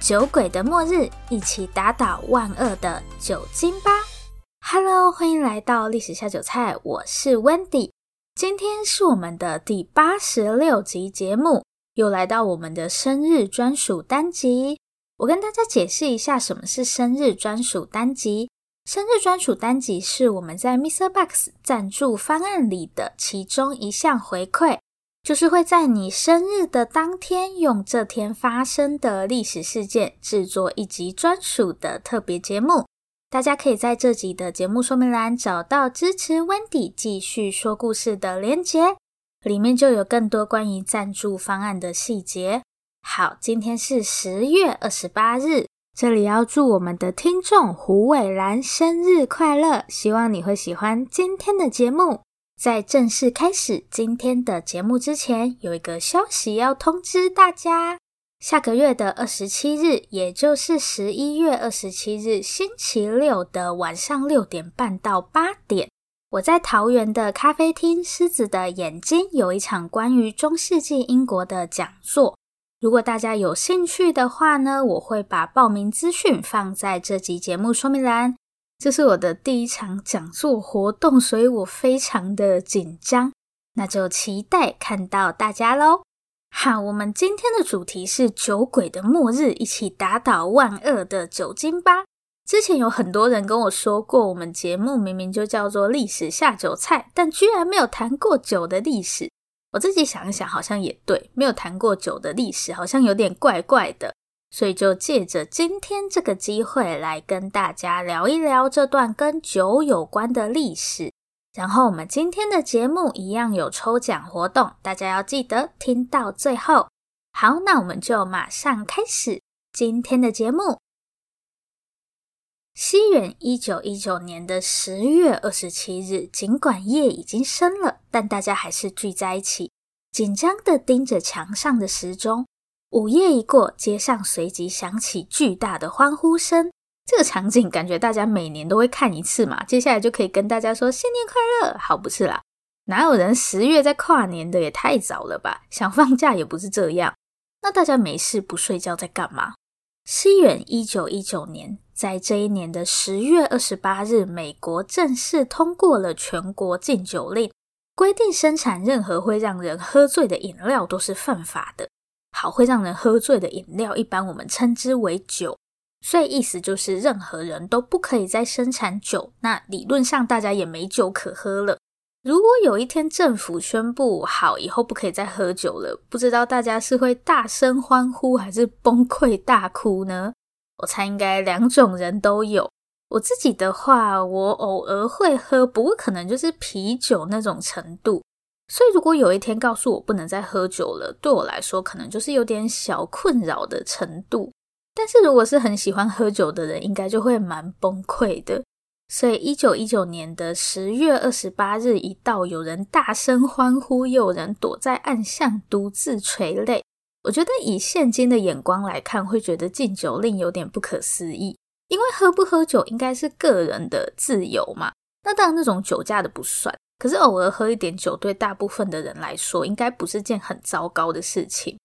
酒鬼的末日，一起打倒萬惡的酒精吧！Hello，歡迎來到歷史下酒菜，我是 Wendy，今天是我們的第八十六集節目，又來到我們的生日專屬單集。我跟大家解釋一下，什麼是生日專屬單集？生日專屬單集是我們在 MixerBox 贊助方案裡的其中一項回饋。就是會在你生日的當天，用這天發生的歷史事件制作一集專屬的特別節目。大家可以在這集的節目說明欄找到支持 Wendy 繼續說故事的連結，裡面就有更多關於贊助方案的細節。好，今天是十月二十八日，這裡要祝我們的聽眾虎尾蘭生日快樂！希望你會喜歡今天的節目。在正式開始今天的節目之前，有一個消息要通知大家。下個月的二十七日，也就是十一月二十七日星期六的晚上六點半到八點，我在桃園的咖啡廳“獅子的眼睛”有一場關於中世紀英國的講座。如果大家有興趣的話呢，我會把報名資訊放在這集節目說明欄。這是我的第一場講座活動，所以我非常的緊張。那就期待看到大家嘍！好，我們今天的主題是“酒鬼的末日”，一起打倒萬惡的酒精吧。之前有很多人跟我說過，我們節目明明就叫做“歷史下酒菜”，但居然沒有談過酒的歷史。我自己想一想，好像也對，沒有談過酒的歷史，好像有點怪怪的。所以就借着今天這個機會，來跟大家聊一聊這段跟酒有關的歷史。然後我們今天的節目一樣有抽獎活動，大家要記得聽到最後。好，那我們就馬上開始今天的節目。西元一九一九年的十月二十七日，儘管夜已經深了，但大家還是聚在一起，緊張地盯着牆上的時鐘。午夜一過，街上隨即響起巨大的歡呼聲。這個場景感覺大家每年都會看一次嘛。接下來就可以跟大家說新年快樂，好，不是啦？哪有人十月在跨年的也太早了吧？想放假也不是這樣。那大家沒事不睡覺在幹嘛？西元一九一九年，在這一年的十月二十八日，美國正式通過了全國禁酒令，規定生產任何會讓人喝醉的飲料都是犯法的。好，會讓人喝醉的飲料，一般我們稱之為酒。所以意思就是任何人都不可以再生產酒，那理論上大家也沒酒可喝了。如果有一天政府宣布好以後不可以再喝酒了，不知道大家是會大聲歡呼還是崩潰大哭呢？我猜應該兩種人都有。我自己的話，我偶爾會喝，不過可能就是啤酒那種程度。所以，如果有一天告訴我不能再喝酒了，對我來說可能就是有點小困擾的程度。但是如果是很喜歡喝酒的人，應該就會蠻崩潰的。所以，一九一九年的十月二十八日一到，有人大聲歡呼，又有人躲在暗巷獨自垂淚。我覺得以現今的眼光來看，會覺得禁酒令有點不可思議，因為喝不喝酒應該是個人的自由嘛。那當然，那種酒駕的不算。可是偶爾喝一點酒，對大部分的人來說，應該不是件很糟糕的事情。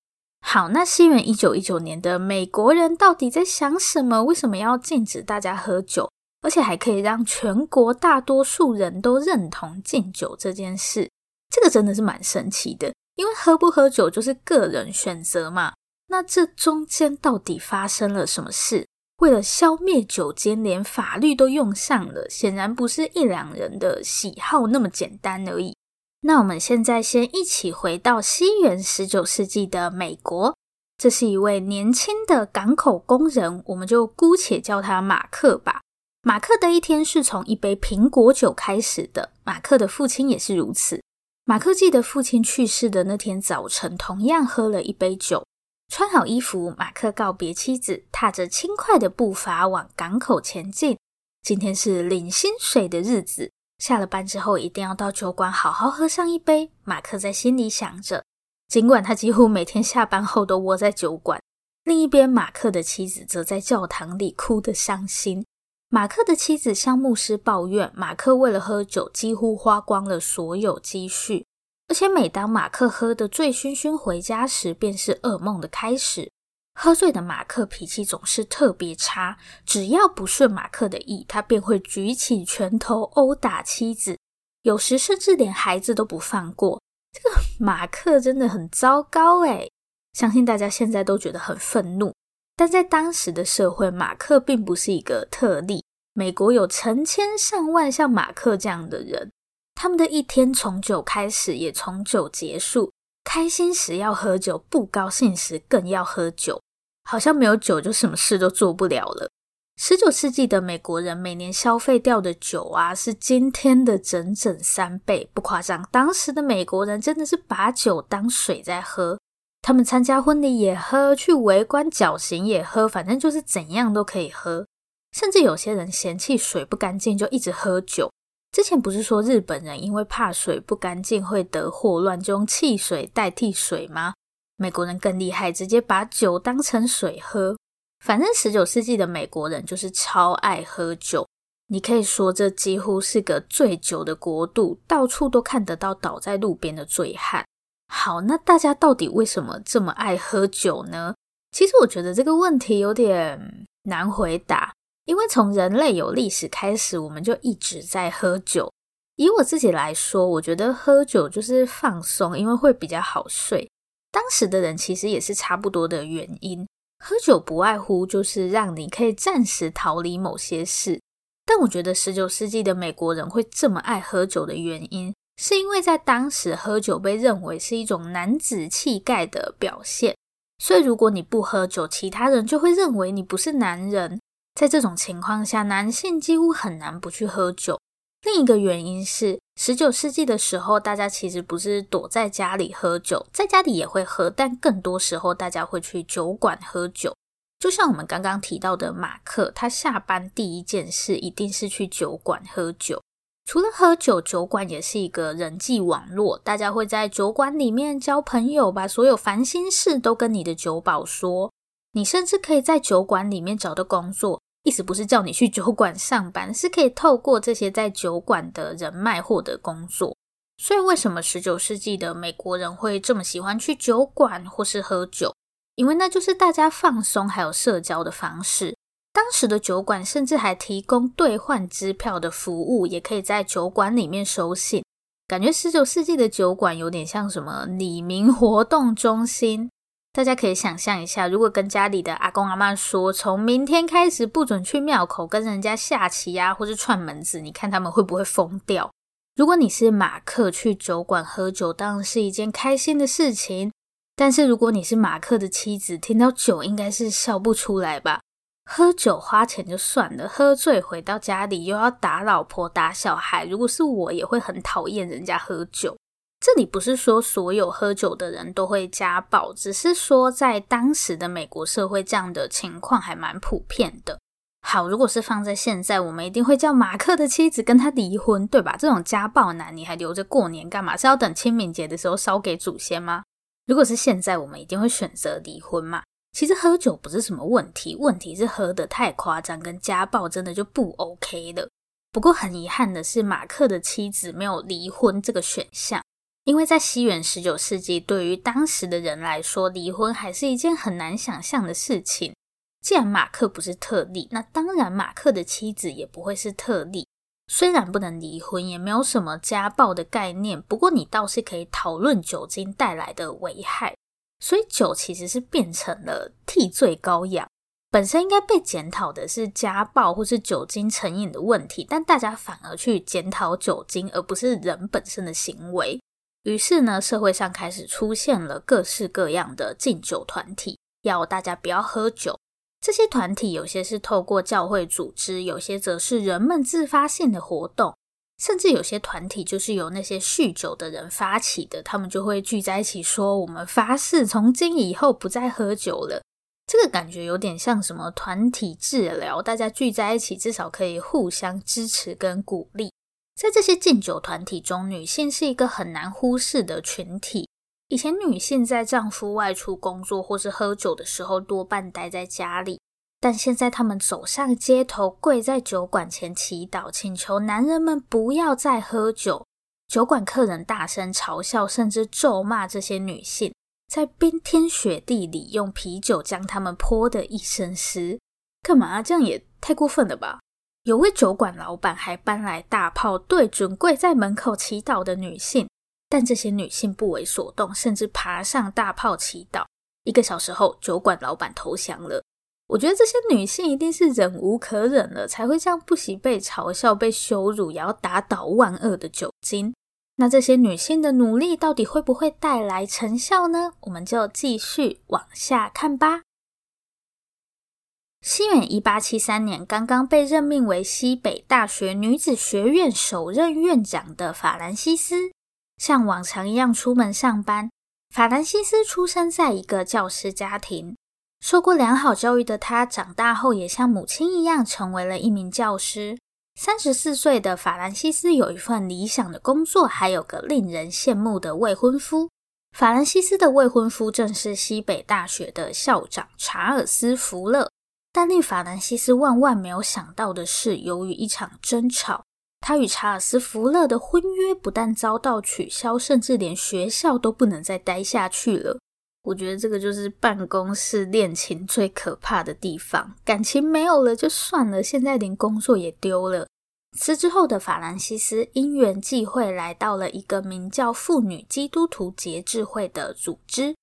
好，那西元一九一九年的美國人到底在想什麼？為什麼要禁止大家喝酒，而且還可以讓全國大多數人都認同禁酒這件事？這個真的是蠻神奇的，因為喝不喝酒就是個人選擇嘛。那這中間到底發生了什麼事？為了消滅酒精，連法律都用上了，顯然不是一兩人的喜好那麼簡單而已。那我們現在先一起回到西元十九世紀的美國。這是一位年輕的港口工人，我們就姑且叫他馬克吧。馬克的一天是從一杯蘋果酒開始的。馬克的父親也是如此。馬克記得父親去世的那天早晨，同樣喝了一杯酒。穿好衣服，馬克告別妻子，踏着輕快的步伐往港口前進。今天是領薪水的日子，下了班之後一定要到酒館好好喝上一杯。馬克在心裡想着。儘管他幾乎每天下班後都窩在酒館。另一邊，馬克的妻子則在教堂裡哭得傷心。馬克的妻子向牧師抱怨，馬克為了喝酒幾乎花光了所有積蓄。而且，每當馬克喝得醉醺醺回家時，便是噩夢的開始。喝醉的馬克脾氣總是特別差，只要不順馬克的意，他便會舉起拳頭毆打妻子，有時甚至連孩子都不放過。這個馬克真的很糟糕哎、欸！相信大家現在都覺得很憤怒，但在當時的社會，馬克並不是一個特例。美國有成千上萬像馬克這樣的人。他們的一天從酒開始，也從酒結束。開心時要喝酒，不高興時更要喝酒。好像沒有酒就什麼事都做不了了。十九世紀的美國人每年消費掉的酒啊，是今天的整整三倍，不誇張。當時的美國人真的是把酒當水在喝。他們參加婚禮也喝，去圍觀絞刑也喝，反正就是怎樣都可以喝。甚至有些人嫌棄水不乾淨，就一直喝酒。之前不是說日本人因為怕水不乾淨會得霍亂，就用汽水代替水嗎？美國人更厲害，直接把酒當成水喝。反正十九世紀的美國人就是超愛喝酒，你可以說這幾乎是個醉酒的國度，到處都看得到倒在路邊的醉漢。好，那大家到底為什麼這麼愛喝酒呢？其實我覺得這個問題有點難回答。因為從人類有歷史開始，我們就一直在喝酒。以我自己來說，我覺得喝酒就是放鬆，因為會比較好睡。當時的人其實也是差不多的原因。喝酒不外乎就是讓你可以暫時逃離某些事。但我覺得十九世紀的美國人會這麼愛喝酒的原因，是因為在當時喝酒被認為是一種男子氣概的表現。所以如果你不喝酒，其他人就會認為你不是男人。在這種情況下，男性幾乎很難不去喝酒。另一個原因是，十九世紀的時候，大家其實不是躲在家裡喝酒，在家裡也會喝，但更多時候大家會去酒館喝酒。就像我們剛剛提到的馬克，他下班第一件事一定是去酒館喝酒。除了喝酒，酒館也是一個人際網絡，大家會在酒館裡面交朋友，把所有煩心事都跟你的酒保說，你甚至可以在酒館裡面找到工作。意思不是叫你去酒館上班，是可以透過這些在酒館的人脈獲得工作。所以為什麼十九世紀的美國人會這麼喜歡去酒館或是喝酒？因為那就是大家放鬆還有社交的方式。當時的酒館甚至還提供兌換支票的服務，也可以在酒館裡面收信。感覺十九世紀的酒館有點像什麼里民活動中心。大家可以想象一下，如果跟家裡的阿公阿嬤說，從明天開始不准去廟口跟人家下棋啊，或是串門子，你看他們會不會瘋掉？如果你是馬克，去酒館喝酒，當然是一件開心的事情。但是如果你是馬克的妻子，聽到酒應該是笑不出來吧？喝酒花錢就算了，喝醉回到家裡又要打老婆打小孩，如果是我也會很討厭人家喝酒。這裡不是說所有喝酒的人都會家暴，只是說在當時的美國社會，這樣的情況還蠻普遍的。好，如果是放在現在，我們一定會叫馬克的妻子跟他離婚，對吧？這種家暴男你還留着過年幹嘛？是要等清明節的時候燒給祖先嗎？如果是現在，我們一定會選擇離婚嘛。其實喝酒不是什麼問題，問題是喝得太誇張，跟家暴真的就不 OK 了。不過很遺憾的是，馬克的妻子沒有離婚這個選項。因為在西元十九世紀，對於當時的人來說，離婚還是一件很難想象的事情。既然馬克不是特例，那當然馬克的妻子也不會是特例。雖然不能離婚，也沒有什麼家暴的概念，不過你倒是可以討論酒精帶來的危害。所以酒其實是變成了替罪羔羊，本身應該被檢討的是家暴或是酒精成癮的問題，但大家反而去檢討酒精，而不是人本身的行為。於是呢，社會上開始出現了各式各樣的禁酒團體，要大家不要喝酒。這些團體有些是透過教會組織，有些則是人們自發性的活動，甚至有些團體就是由那些酗酒的人發起的。他們就會聚在一起說：“我們發誓，從今以後不再喝酒了。”這個感覺有點像什麼團體治療，大家聚在一起，至少可以互相支持跟鼓勵。在這些禁酒團體中，女性是一個很難忽視的群體。以前，女性在丈夫外出工作或是喝酒的時候，多半待在家裡。但現在，她們走上街頭，跪在酒館前祈禱，請求男人們不要再喝酒。酒館客人大聲嘲笑，甚至咒罵這些女性，在冰天雪地裡用啤酒將她們潑得一身濕。幹嘛？這樣也太過分了吧！有位酒館老闆還搬來大炮對準跪在門口祈禱的女性，但這些女性不為所動，甚至爬上大炮祈禱。一個小時後，酒館老闆投降了。我覺得這些女性一定是忍無可忍了，才會這樣不惜被嘲笑、被羞辱，也要打倒萬惡的酒精。那這些女性的努力到底會不會帶來成效呢？我們就繼續往下看吧。西元一八七三年，剛剛被任命為西北大學女子學院首任院長的法蘭西斯，像往常一樣出門上班。法蘭西斯出生在一個教師家庭，受過良好教育的他，長大後也像母親一樣成為了一名教師。三十四歲的法蘭西斯有一份理想的工作，還有個令人羨慕的未婚夫。法蘭西斯的未婚夫正是西北大學的校長查爾斯·福勒。但令法蘭西斯萬萬沒有想到的是，由於一場爭吵，他與查爾斯·福勒的婚約不但遭到取消，甚至連學校都不能再待下去了。我覺得這個就是辦公室戀情最可怕的地方，感情沒有了就算了，現在連工作也丟了。辭職後的法蘭西斯因緣際會來到了一個名叫“婦女基督徒節制會”的組織。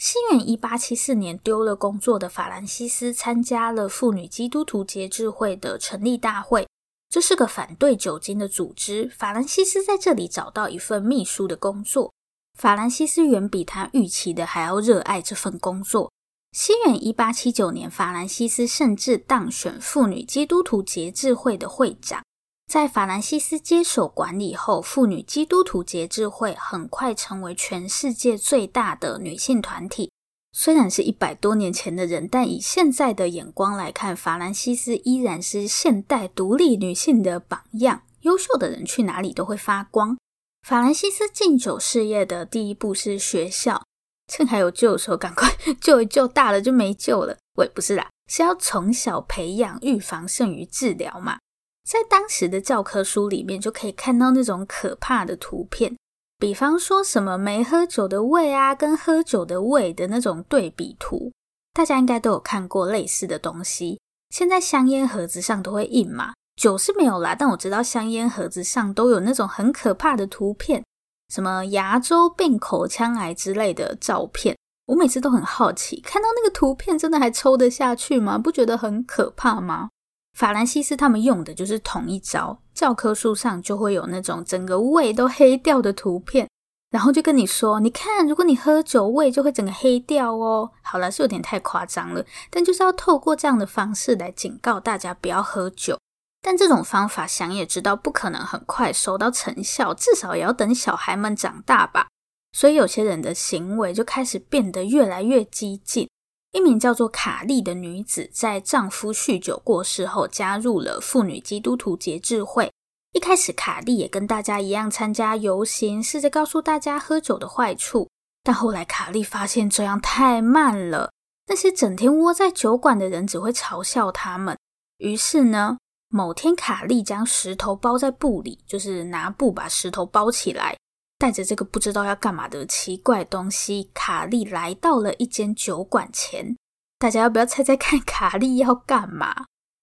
西元一八七四年丟了工作的法蘭西斯參加了婦女基督徒節制會的成立大會，這是個反對酒精的組織。法蘭西斯在這裡找到一份秘書的工作。法蘭西斯遠比他預期的還要熱愛這份工作。西元一八七九年，法蘭西斯甚至當選婦女基督徒節制會的會長。在法蘭西斯接手管理後，婦女基督徒節制會很快成為全世界最大的女性團體。雖然是一百多年前的人，但以現在的眼光來看，法蘭西斯依然是現代獨立女性的榜樣。優秀的人去哪裡都會發光。法蘭西斯禁酒事業的第一步是學校，趁還有救的時候趕快救一救，大了就沒救了。餵，不是啦，是要從小培養，預防勝於治療嘛。在當時的教科書裡面，就可以看到那種可怕的圖片，比方說什麼沒喝酒的胃啊，跟喝酒的胃的那種對比圖。大家應該都有看過類似的東西。現在香菸盒子上都會印嘛，酒是沒有啦。但我知道香菸盒子上都有那種很可怕的圖片，什麼牙周病、口腔癌之類的照片。我每次都很好奇，看到那個圖片，真的還抽得下去嗎？不覺得很可怕嗎？法蘭西斯他們用的就是同一招，教科書上就會有那種整個胃都黑掉的圖片，然後就跟你說：“你看，如果你喝酒，胃就會整個黑掉哦。”好了，是有點太誇張了，但就是要透過這樣的方式來警告大家不要喝酒。但這種方法想也知道不可能很快收到成效，至少也要等小孩們長大吧。所以有些人的行為就開始變得越來越激進。一名叫做卡莉的女子，在丈夫酗酒過世後，加入了婦女基督徒節制會。一開始，卡莉也跟大家一樣參加遊行，試着告訴大家喝酒的壞處。但後來，卡莉發現這樣太慢了，那些整天窩在酒館的人只會嘲笑他們。於是呢，某天卡莉將石頭包在布裡，就是拿布把石頭包起來。帶着這個不知道要幹嘛的奇怪東西，卡利來到了一間酒館前。大家要不要猜猜看卡利要幹嘛？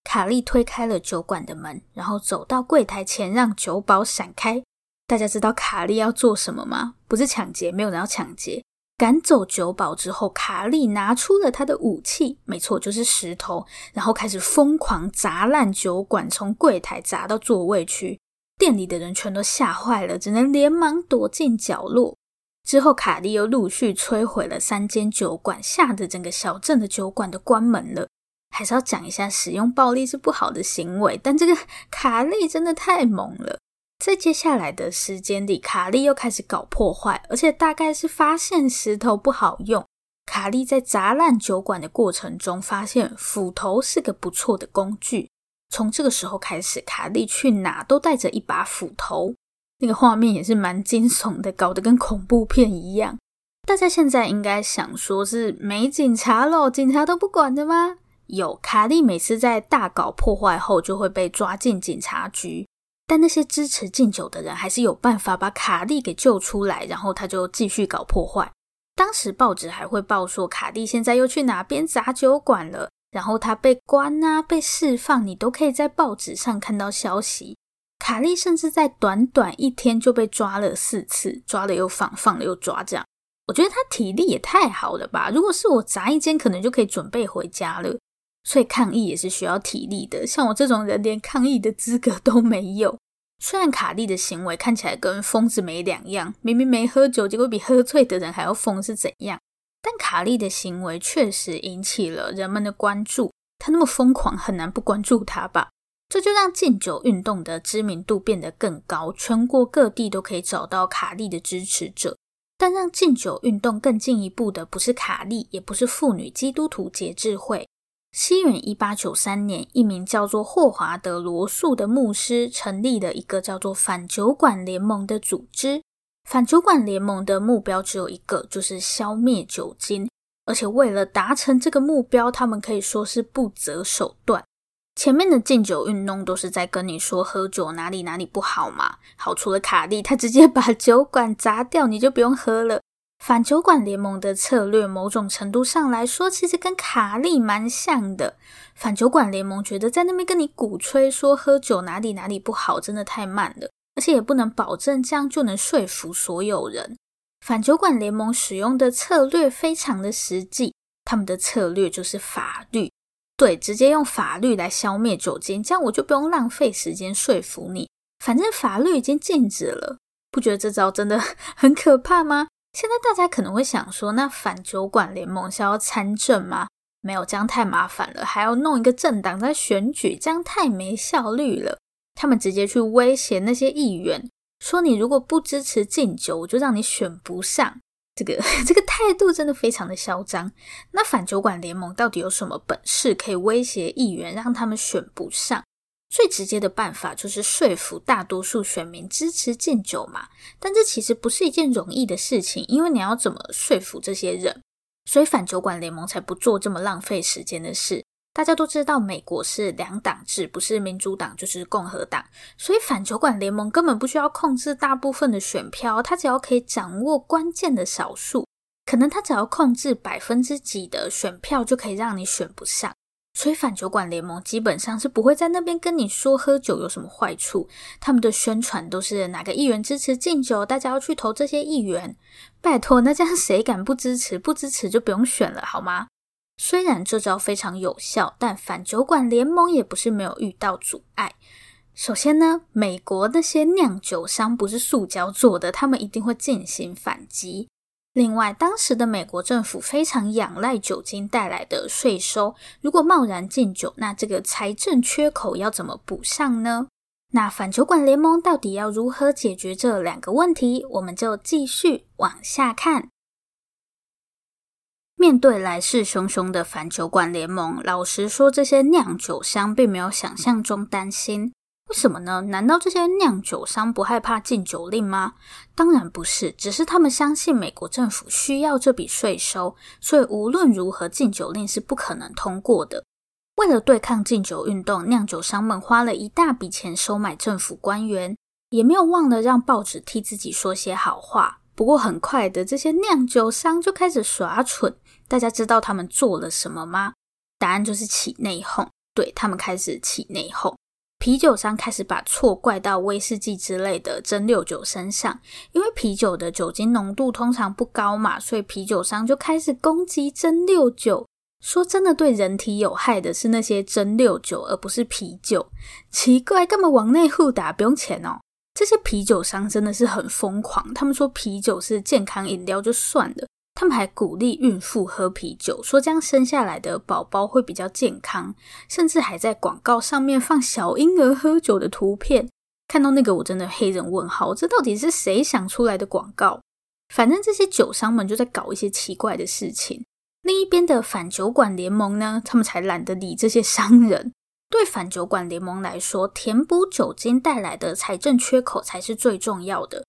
卡利推開了酒館的門，然後走到櫃台前，讓酒保閃開。大家知道卡利要做什麼嗎？不是搶劫，沒有人要搶劫。趕走酒保之後，卡利拿出了她的武器，沒錯，就是石頭，然後開始瘋狂砸爛酒館，從櫃台砸到座位區。店裡的人全都嚇壞了，只能連忙躲進角落。之後，卡利又陸續摧毀了三間酒館，嚇得整個小鎮的酒館都關門了。還是要講一下，使用暴力是不好的行為，但這個卡利真的太猛了。在接下來的時間裡，卡利又開始搞破壞，而且大概是發現石頭不好用，卡利在砸爛酒館的過程中，發現斧頭是個不錯的工具。從這個時候開始，卡利去哪都帶着一把斧頭，那個畫面也是蠻驚悚的，搞得跟恐怖片一樣。大家現在應該想說，是沒警察咯，警察都不管的嗎？有，卡利每次在大搞破壞後，就會被抓進警察局。但那些支持禁酒的人，還是有辦法把卡利給救出來，然後他就繼續搞破壞。當時報紙還會報說，卡利現在又去哪邊砸酒館了。然後他被關啊、被釋放，你都可以在報紙上看到消息。卡莉甚至在短短一天就被抓了四次，抓了又放，放了又抓，這樣，我覺得他體力也太好了吧？如果是我砸一間，可能就可以準備回家了。所以抗議也是需要體力的，像我這種人連抗議的資格都沒有。雖然卡莉的行為看起來跟瘋子沒兩樣，明明沒喝酒，結果比喝醉的人還要瘋，是怎樣？但卡利的行為確實引起了人們的關注。他那麼瘋狂，很難不關注他吧？這就讓禁酒運動的知名度變得更高，全國各地都可以找到卡利的支持者。但讓禁酒運動更進一步的，不是卡利，也不是婦女基督徒節制會。西元一八九三年，一名叫做霍華德·羅素的牧師成立了一個叫做反酒館聯盟的組織。反酒館聯盟的目標只有一個，就是消滅酒精。而且為了達成這個目標，他們可以說是不擇手段。前面的禁酒運動都是在跟你說喝酒哪裡哪裡不好嘛。好，除了卡利，他直接把酒館砸掉，你就不用喝了。反酒館聯盟的策略，某種程度上來說，其實跟卡利蠻像的。反酒館聯盟覺得在那邊跟你鼓吹說喝酒哪裡哪裡不好，真的太慢了。而且也不能保證這樣就能說服所有人。反酒館聯盟使用的策略非常的實際，他們的策略就是法律，對，直接用法律來消滅酒精，這樣我就不用浪費時間說服你。反正法律已經禁止了，不覺得這招真的很可怕嗎？現在大家可能會想說，那反酒館聯盟是要參政嗎？沒有，這樣太麻煩了，還要弄一個政黨在選舉，這樣太沒效率了。他們直接去威脅那些議員，說：“你如果不支持禁酒，我就讓你選不上。”這個這個態度真的非常的囂張。那反酒館聯盟到底有什麼本事可以威脅議員，讓他們選不上？最直接的辦法就是說服大多數選民支持禁酒嘛。但這其實不是一件容易的事情，因為你要怎麼說服這些人？所以反酒館聯盟才不做這麼浪費時間的事。大家都知道，美國是兩黨制，不是民主黨就是共和黨，所以反酒館聯盟根本不需要控制大部分的選票，他只要可以掌握關鍵的少數，可能他只要控制百分之幾的選票就可以讓你選不上。所以反酒館聯盟基本上是不會在那邊跟你說喝酒有什麼壞處，他們的宣傳都是哪個議員支持禁酒，大家要去投這些議員。拜托，那這樣誰敢不支持？不支持就不用選了，好嗎？雖然這招非常有效，但反酒館聯盟也不是沒有遇到阻礙。首先呢，美國那些釀酒商不是塑膠做的，他們一定會進行反擊。另外，當時的美國政府非常仰賴酒精帶來的稅收，如果貿然禁酒，那這個財政缺口要怎麼補上呢？那反酒館聯盟到底要如何解決這兩個問題？我們就繼續往下看。面對來勢洶洶的反酒館聯盟，老實說，這些釀酒商並沒有想象中擔心。為什麼呢？難道這些釀酒商不害怕禁酒令嗎？當然不是，只是他們相信美國政府需要這筆稅收，所以無論如何禁酒令是不可能通過的。為了對抗禁酒運動，釀酒商們花了一大筆錢收買政府官員，也沒有忘了讓報紙替自己說些好話。不過很快的，這些釀酒商就開始耍蠢。大家知道他們做了什麼嗎？答案就是起內訌。對，他們開始起內訌，啤酒商開始把錯怪到威士忌之類的蒸餾酒身上，因為啤酒的酒精濃度通常不高嘛，所以啤酒商就開始攻擊蒸餾酒，說真的對人體有害的是那些蒸餾酒，而不是啤酒。奇怪，幹嘛往內互打？不用錢哦！這些啤酒商真的是很瘋狂，他們說啤酒是健康飲料就算了。他們還鼓勵孕婦喝啤酒，說這樣生下來的寶寶會比較健康，甚至還在廣告上面放小嬰兒喝酒的圖片。看到那個，我真的黑人問號，這到底是誰想出來的廣告？反正這些酒商們就在搞一些奇怪的事情。另一邊的反酒館聯盟呢，他們才懶得理這些商人。對反酒館聯盟來說，填補酒精帶來的財政缺口才是最重要的。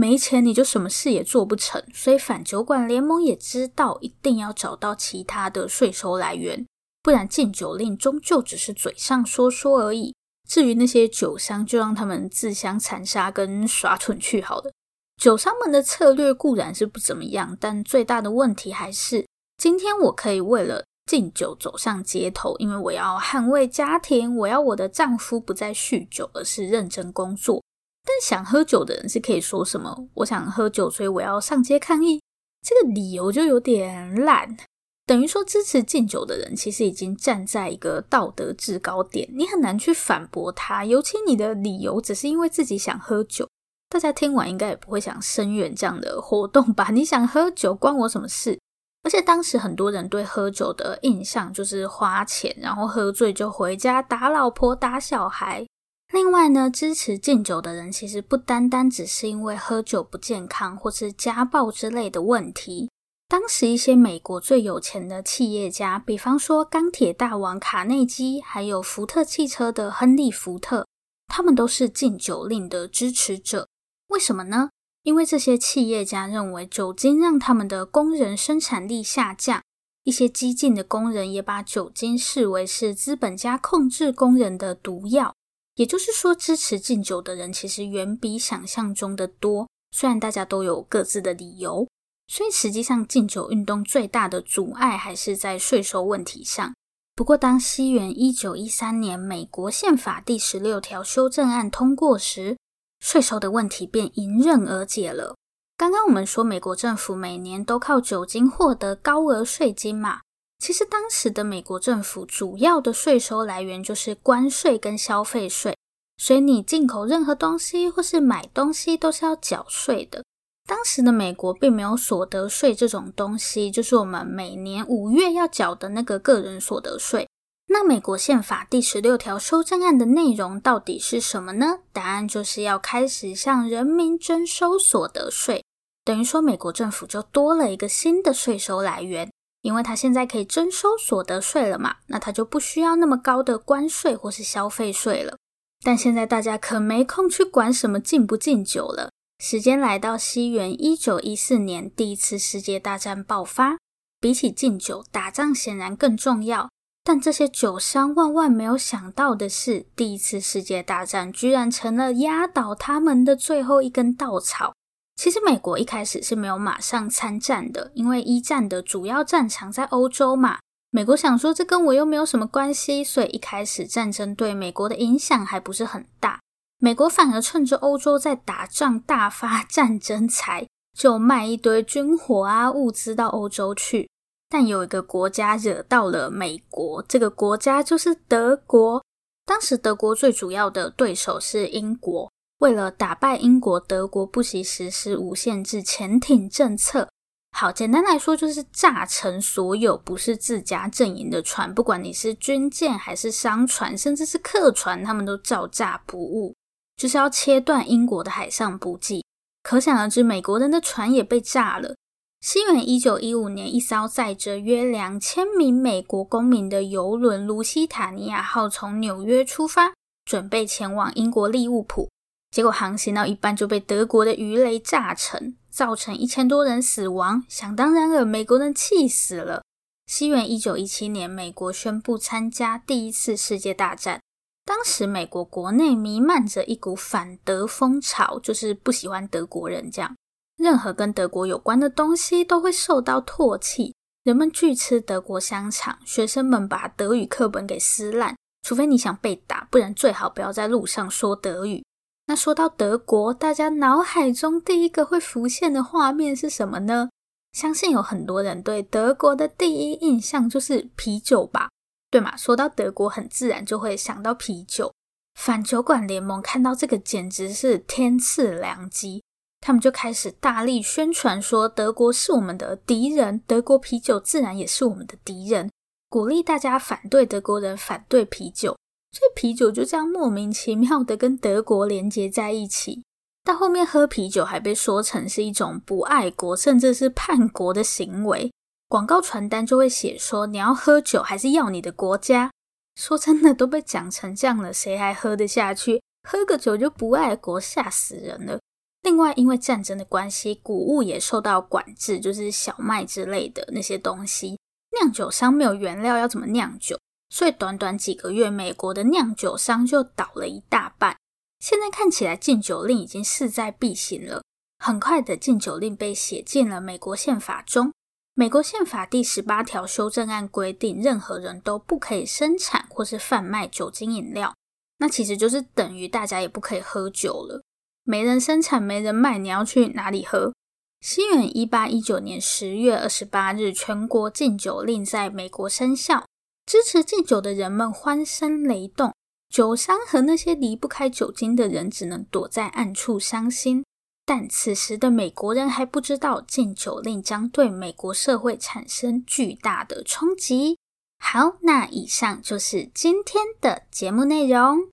沒錢你就什麼事也做不成，所以反酒館聯盟也知道，一定要找到其他的稅收來源，不然禁酒令終究只是嘴上說說而已。至於那些酒商，就讓他們自相殘殺跟耍蠢去好了。酒商們的策略固然是不怎麼樣，但最大的問題還是，今天我可以為了禁酒走上街頭，因為我要捍衛家庭，我要我的丈夫不再酗酒，而是認真工作。但想喝酒的人是可以說什麼？我想喝酒，所以我要上街抗議。這個理由就有點爛，等於說支持禁酒的人其實已經站在一個道德制高點，你很難去反駁他。尤其你的理由只是因為自己想喝酒，大家聽完應該也不會想聲援這樣的活動吧？你想喝酒關我什麼事？而且當時很多人對喝酒的印象就是花錢，然後喝醉就回家打老婆、打小孩。另外呢，支持禁酒的人其實不單單只是因為喝酒不健康或是家暴之類的問題。當時一些美國最有錢的企業家，比方說鋼鐵大王卡內基，還有福特汽車的亨利·福特，他們都是禁酒令的支持者。為什麼呢？因為這些企業家認為酒精讓他們的工人生產力下降，一些激進的工人也把酒精視為是資本家控制工人的毒藥。也就是說，支持禁酒的人其實遠比想象中的多，雖然大家都有各自的理由。所以實際上，禁酒運動最大的阻礙還是在稅收問題上。不過，當西元一九一三年美國憲法第十六條修正案通過時，稅收的問題便迎刃而解了。剛剛我們說，美國政府每年都靠酒精獲得高額稅金嘛。其實當時的美國政府主要的稅收來源就是關稅跟消費稅，所以你進口任何東西或是買東西都是要繳稅的。當時的美國並沒有所得稅這種東西，就是我們每年五月要繳的那個個人所得稅。那美國憲法第十六條修正案的內容到底是什麼呢？答案就是要開始向人民徵收所得稅，等於說美國政府就多了一個新的稅收來源。因為他現在可以徵收所得稅了嘛，那他就不需要那麼高的關稅或是消費稅了。但現在大家可沒空去管什麼禁不禁酒了。時間來到西元一九一四年，第一次世界大戰爆發。比起禁酒，打仗顯然更重要。但這些酒商萬萬沒有想到的是，第一次世界大戰居然成了壓倒他們的最後一根稻草。其實美國一開始是沒有馬上參戰的，因為一戰的主要戰場在歐洲嘛，美國想說這跟我又沒有什麼關係，所以一開始戰爭對美國的影響還不是很大。美國反而趁着歐洲在打仗，大發戰爭財，就賣一堆軍火啊，物資到歐洲去。但有一個國家惹到了美國，這個國家就是德國。當時德國最主要的對手是英國。為了打敗英國，德國，德國不惜實施無限制潛艇政策。好，簡單來說就是炸沉，所有不是自家陣營的船，不管你是軍艦還是商船，甚至是客船，他們都照炸不誤。就是要切斷英國的海上補給。可想而知，美國人的船也被炸了。西元一九一五年，一艘載着約兩千名美國公民的郵輪“盧西塔尼亞”號從紐約出發，準備前往英國利物浦。結果航行到一半就被德國的魚雷炸沉，造成一千多人死亡。想當然了，美國人氣死了。西元一九一七年，美國宣布參加第一次世界大戰。當時美國國內瀰漫着一股反德風潮，就是不喜歡德國人這樣，任何跟德國有關的東西都會受到唾棄。人們拒吃德國香腸，學生們把德語課本給撕爛，除非你想被打，不然最好不要在路上說德語。那說到德國，大家腦海中第一個會浮現的畫面是什麼呢？相信有很多人對德國的第一印象就是啤酒吧，對嘛，說到德國，很自然就會想到啤酒。反酒館聯盟看到這個簡直是天賜良機，他們就開始大力宣傳說德國是我們的敵人，德國啤酒自然也是我們的敵人，鼓勵大家反對德國人，反對啤酒。所以啤酒就這樣莫名其妙的跟德國連接在一起，到後面喝啤酒還被說成是一種不愛國，甚至是叛國的行為。廣告傳單就會寫說：你要喝酒還是要你的國家？說真的都被講成這樣了，誰還喝得下去？喝個酒就不愛國，嚇死人了。另外，因為戰爭的關係，谷物也受到管制，就是小麥之類的那些東西，釀酒商沒有原料要怎麼釀酒？所以短短幾個月，美國的釀酒商就倒了一大半。現在看起來，禁酒令已經勢在必行了。很快的，禁酒令被寫進了美國憲法中。美國憲法第十八條修正案規定，任何人都不可以生產或是販賣酒精飲料。那其實就是等於大家也不可以喝酒了。沒人生產，沒人賣，你要去哪裡喝？西元一八一九年十月二十八日，全國禁酒令在美國生效。支持禁酒的人們歡聲雷動，酒商和那些離不開酒精的人只能躲在暗處傷心。但此時的美國人還不知道禁酒令將對美國社會產生巨大的衝擊。好，那以上就是今天的節目內容。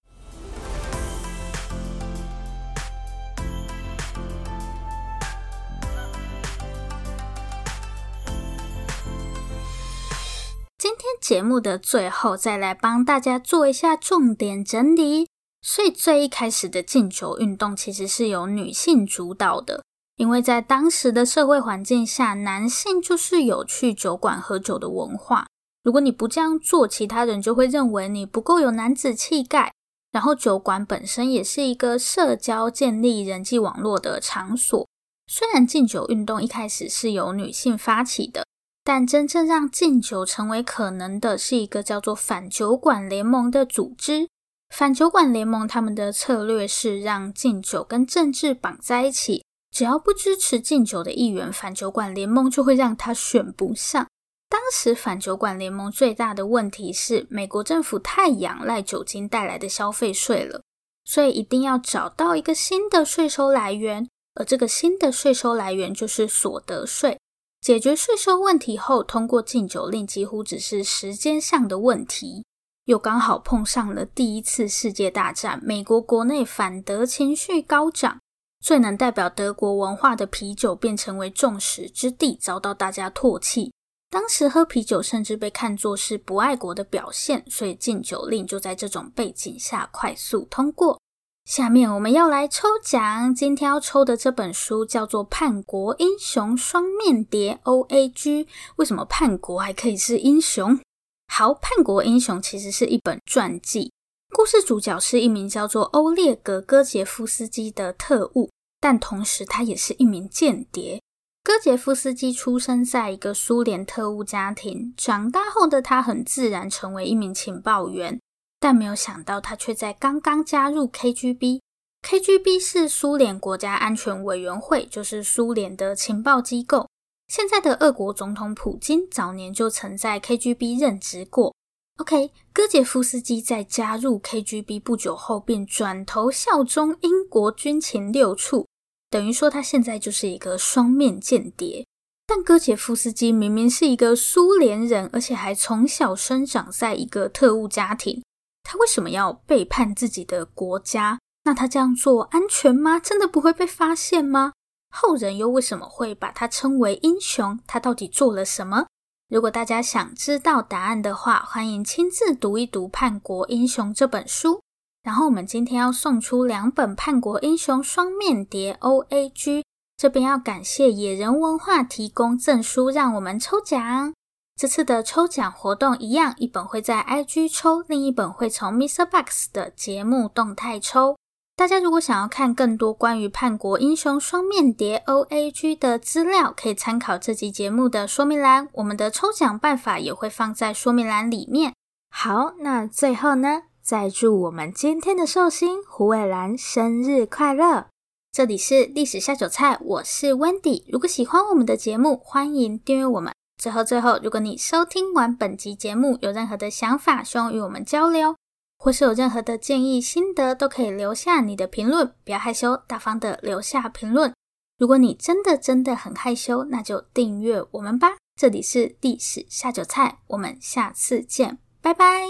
今天節目的最後，再來幫大家做一下重點整理。所以最一開始的禁酒運動其實是由女性主導的，因為在當時的社會環境下，男性就是有去酒館喝酒的文化。如果你不這樣做，其他人就會認為你不夠有男子氣概。然後酒館本身也是一個社交、建立人際網絡的場所。雖然禁酒運動一開始是由女性發起的，但真正讓禁酒成為可能的是一個叫做反酒館聯盟的組織。反酒館聯盟他們的策略是讓禁酒跟政治綁在一起，只要不支持禁酒的議員，反酒館聯盟就會讓他選不上。當時反酒館聯盟最大的問題是美國政府太仰賴酒精帶來的消費稅了，所以一定要找到一個新的稅收來源，而這個新的稅收來源就是所得稅。解決稅收問題後，通過禁酒令幾乎只是時間上的問題。又剛好碰上了第一次世界大戰，美國國內反德情緒高漲，最能代表德國文化的啤酒便成為眾矢之的，遭到大家唾棄。當時喝啤酒甚至被看作是不愛國的表現，所以禁酒令就在這種背景下快速通過。下面我們要來抽獎，今天要抽的這本書叫做《叛國英雄雙面諜 O.A.G.》。為什麼叛國還可以是英雄？好，《叛國英雄》其實是一本傳記，故事主角是一名叫做歐列格·戈杰夫斯基的特務，但同時他也是一名間諜。戈杰夫斯基出生在一個蘇聯特務家庭，長大後的他很自然成為一名情報員。但沒有想到，他卻在剛剛加入 KGB。KGB 是蘇聯國家安全委員會，就是蘇聯的情報機構。現在的俄國總統普京早年就曾在 KGB 任職過。OK，戈傑夫斯基在加入 KGB 不久後便轉頭效忠英國軍情六處，等於說他現在就是一個雙面間諜。但戈傑夫斯基明明是一個蘇聯人，而且還從小生長在一個特務家庭。他為什麼要背叛自己的國家？那他這樣做安全嗎？真的不會被發現嗎？後人又為什麼會把他稱為英雄？他到底做了什麼？如果大家想知道答案的話，歡迎親自讀一讀《叛國英雄》這本書。然後我們今天要送出兩本《叛國英雄》雙面諜 O A G，這邊要感謝野人文化提供贈書，讓我們抽獎。這次的抽獎活動一樣，一本會在 IG 抽，另一本會從 MixerBox 的節目動態抽。大家如果想要看更多關於《叛國英雄雙面諜》O.A.G. 的資料，可以參考這集節目的說明欄。我們的抽獎辦法也會放在說明欄裡面。好，那最後呢，再祝我們今天的壽星虎尾蘭生日快樂。這裡是歷史下酒菜，我是 Wendy。如果喜歡我們的節目，歡迎訂閱我們。最後，最後，如果你收聽完本集節目有任何的想法，希望與我們交流，或是有任何的建議、心得，都可以留下你的評論，不要害羞，大方的留下評論。如果你真的真的很害羞，那就訂閱我們吧。這裡是歷史下酒菜，我們下次見，拜拜。